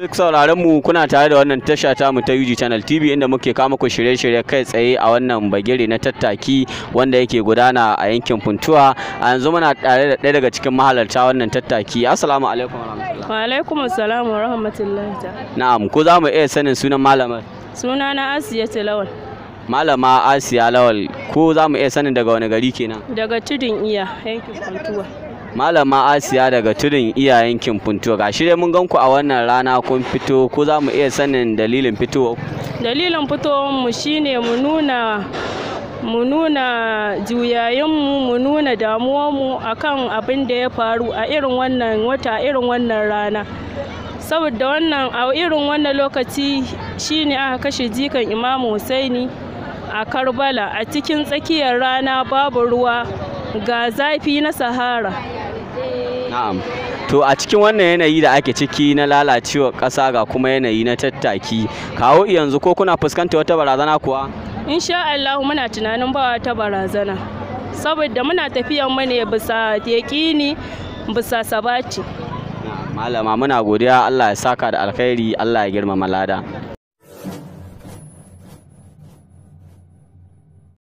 Duk sauraron mu kuna tare da wannan tasha ta mu ta UG Channel TV inda muke kama ku shirye-shirye kai tsaye a wannan bagire na tattaki wanda yake gudana a yankin Funtuwa. A yanzu muna tare da ɗaya daga cikin mahalarta wannan tattaki. Assalamu alaikum Wa alaikum assalam wa rahmatullahi ta. Na'am, ko za mu iya sanin sunan malamar? Suna na Asiya Talawal. Malama Asiya Lawal, ko za mu iya sanin daga wani gari kenan? Daga Tudun Iya, yankin Funtuwa. malama asiya daga tudun iyayen kimfunto ga shi dai mun ganku a wannan rana kun fito ko za mu iya sanin dalilin fito dalilin fitowar mu shine mu nuna mu nuna juyayinmu mu nuna mu akan abin da ya faru a irin wannan wata irin wannan rana saboda wannan a irin wannan lokaci shine aka kashe jikan imamu husaini a karbala a cikin tsakiyar rana babu ruwa ga zafi na sahara na'am to a cikin wannan yanayi da ake ciki na lalacewa ƙasa ga kuma yanayi na tattaki kawo yanzu ko kuna fuskantar wata barazana kuwa insha Allah muna tunanin ba wata barazana saboda muna tafiyan mu ne bisa yaƙini bisa sabati malama muna godiya Allah ya saka da alkhairi Allah ya girmama lada